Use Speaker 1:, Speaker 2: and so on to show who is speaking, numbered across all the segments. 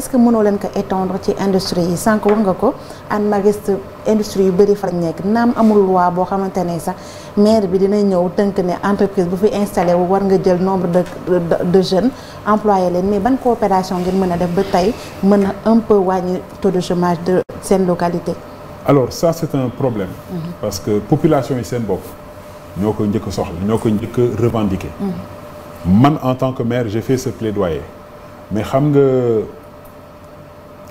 Speaker 1: est que mënoo leen ko étendre ci industrie yi sànq wax nga ko an magist industrie yu bëri fañ nekk naam amul loi boo xamante ne sax maire bi dina ñëw tënk ne entreprise bu fi installé wu war nga jël nombre de de jeunes employé leen mais ban coopération ngeen mën a def ba tey mën a un peu wàññi taux de chômage de seen localité alors ça c'est un problème mmh. parce que population yi seen bopp ñoo ko njëkk soxla ñoo ko njëkk a revendiquer
Speaker 2: mm-hmm.
Speaker 1: man en tant que maire j'ai fait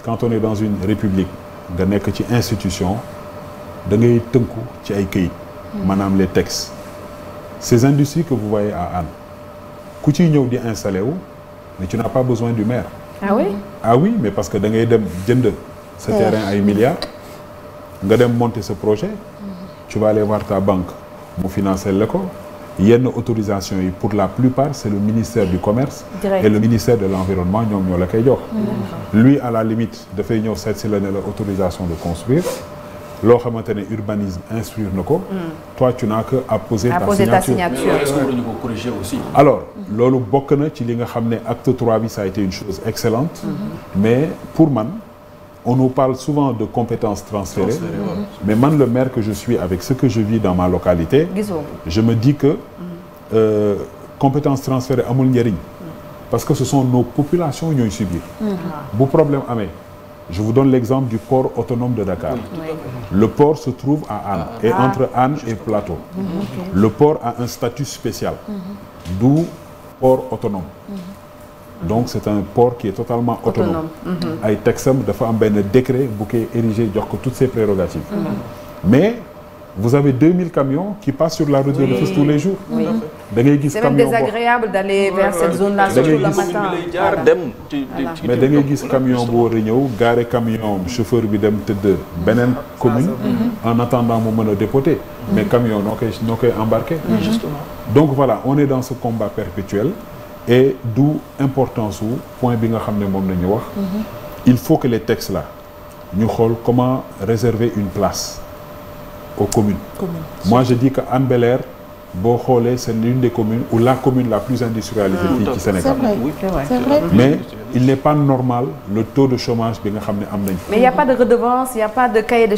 Speaker 1: quand on est dans une république nga nekk ci institution da ngay tënku ci ay këyit
Speaker 2: hmm. maanaam
Speaker 1: les textes ces industries que vous voyez à Anne ku ci ñëw di installé wu mais tu n'as pas besoin du maire ah oui ah oui mais parce que da ngay dem jënd sa eh. terrain ay milliards nga dem monter sa projet hmm. tu vas aller voir ta banque mu financer la ko yenn autorisation yi pour la plupart c'est le ministère du commerce Direct. et le ministère de l'environnement ñoom ñoo la koy jox mm, lui à la limite dafay ñëw seet si le ne la autorisation de construire loo xamante ne urbanisme instruire na ko mm. toi tu n'as que à poser ta signature alors loolu bokk na ci li nga xam ne acte 3 bi ça a été une chose excellente mm-hmm. mais pour man on nous parle souvent de compétences transférées. transférées ouais. Mhm. Mais man le maire que je suis avec ce que je vis dans ma localité. je me dis que mhm. euh, compétences transférées amul njëriñ. Mhm. parce que ce sont nos populations ñooy subir. bu problème amee. Je vous donne l'exemple du port autonome de Dakar. Oui. Le port se trouve à Anne ah, et ah, entre Anne et Plateau. Mm -hmm. Le port a un statut spécial, mm -hmm. d'où port autonome. Mm -hmm. donc c' est un port qui est totalement autonome mm-hmm. ay texam dafa am benn décret bu koy érigé jox ko toutes ses prérogatives mm-hmm. mais vous avez mille camions qui passent sur la route tous les jours da ngay gis camion c'est même désagréable d'aller vers cette zone là surtout le mais da ngay gis camion boo war ñëw gaare camion chauffeur bi dem tëdd beneen ah, commune mm-hmm. en attendant mu mën a dépoter mais camion no koy noo koy embarqué donc voilà on est dans ce combat perpétuel et d'où importance wu point bi nga xam ne moom la ñu wax il faut que les textes là ñu xool comment réserver une place aux communes commune. moi je dis que Hann boo xoolee c'est l'une des communes ou la commune la plus industrialisée fii ci Sénégal mais il n'est pas normal le taux de chômage bi nga xam ne am nañ mais il n'y a pas de redevance il n'y a pas de cahier de